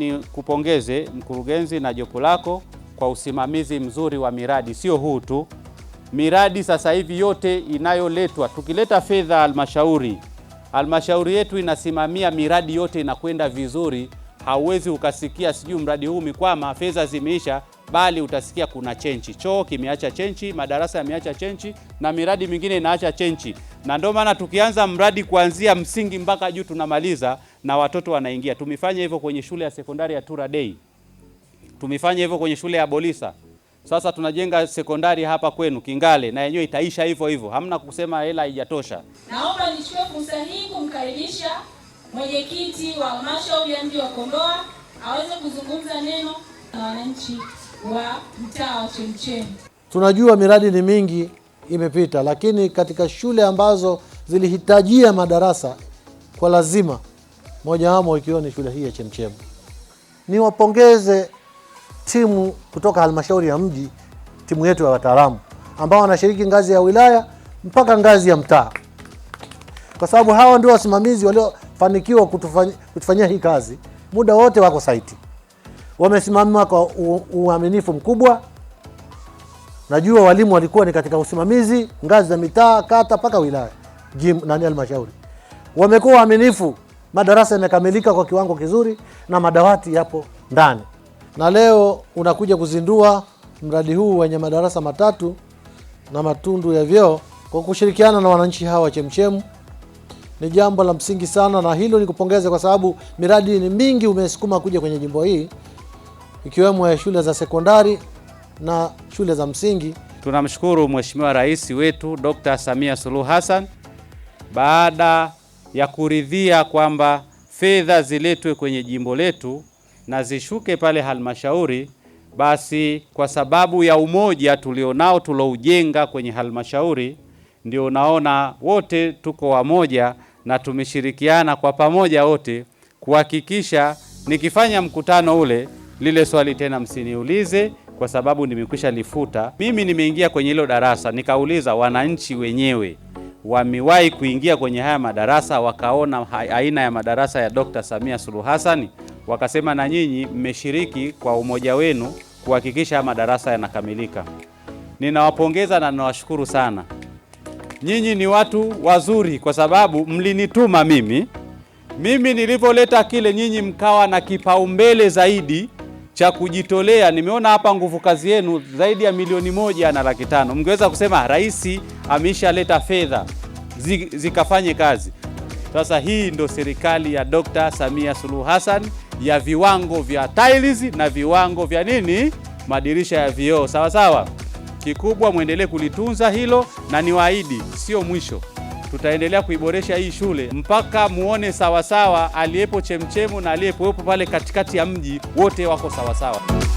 Ni kupongeze mkurugenzi na jopo lako kwa usimamizi mzuri wa miradi, sio huu tu. Miradi sasa hivi yote inayoletwa, tukileta fedha halmashauri, halmashauri yetu inasimamia miradi yote, inakwenda vizuri. Hauwezi ukasikia sijui mradi huu Mikwama fedha zimeisha, bali utasikia kuna chenchi, choo kimeacha chenchi, madarasa yameacha chenchi, na miradi mingine inaacha chenchi. Na ndio maana tukianza mradi kuanzia msingi mpaka juu tunamaliza na watoto wanaingia. Tumefanya hivyo kwenye shule ya sekondari ya Tura Day, tumefanya hivyo kwenye shule ya Bolisa. Sasa tunajenga sekondari hapa kwenu Kingale, na yenyewe itaisha hivyo hivyo, hamna kusema hela haijatosha. Naomba nichukue fursa hii kumkaribisha mwenyekiti wa halmashauri ya mji wa Kondoa aweze kuzungumza neno na wananchi wa mtaa wa Chemchem. Tunajua miradi ni mingi imepita, lakini katika shule ambazo zilihitajia madarasa kwa lazima mojawamo ikiwa ni shule hii ya Chemchem. Niwapongeze timu kutoka halmashauri ya mji, timu yetu ya wataalamu ambao wanashiriki ngazi ya wilaya mpaka ngazi ya mtaa, kwa sababu hawa ndio wasimamizi waliofanikiwa kutufanyia hii kazi. Muda wote wako saiti, wamesimama kwa uaminifu mkubwa. Najua walimu walikuwa ni katika usimamizi ngazi za mitaa, kata mpaka wilaya, jim nani halmashauri, wamekuwa waaminifu madarasa yamekamilika kwa kiwango kizuri na madawati yapo ndani, na leo unakuja kuzindua mradi huu wenye madarasa matatu na matundu ya vyoo kwa kushirikiana na wananchi hawa Chemchem ni jambo la msingi sana, na hilo nikupongeze kwa sababu miradi ni mingi umesukuma kuja kwenye jimbo hii ikiwemo ya shule za sekondari na shule za msingi. Tunamshukuru Mheshimiwa Rais wetu Dr. Samia Suluhu Hassan baada ya kuridhia kwamba fedha ziletwe kwenye jimbo letu na zishuke pale halmashauri, basi kwa sababu ya umoja tulionao tuloujenga kwenye halmashauri, ndio unaona wote tuko wamoja na tumeshirikiana kwa pamoja wote kuhakikisha nikifanya mkutano ule, lile swali tena msiniulize kwa sababu nimekwisha lifuta. Mimi nimeingia kwenye hilo darasa nikauliza wananchi wenyewe wamewahi kuingia kwenye haya madarasa wakaona aina ya madarasa ya Dr. Samia Suluhu Hassan, wakasema na nyinyi mmeshiriki kwa umoja wenu kuhakikisha haya madarasa yanakamilika. Ninawapongeza na ninawashukuru sana. Nyinyi ni watu wazuri, kwa sababu mlinituma mimi, mimi nilivyoleta kile, nyinyi mkawa na kipaumbele zaidi cha kujitolea. Nimeona hapa nguvu kazi yenu zaidi ya milioni moja na laki tano. Mngeweza kusema rais ameshaleta fedha zikafanye kazi. Sasa hii ndo serikali ya Dkt. Samia Suluhu Hassan ya viwango vya tiles na viwango vya nini, madirisha ya vioo. Sawa sawa, kikubwa mwendelee kulitunza hilo, na niwaahidi sio mwisho tutaendelea kuiboresha hii shule mpaka muone sawasawa, aliyepo Chemchemu na aliyepowepo pale katikati ya mji wote wako sawasawa.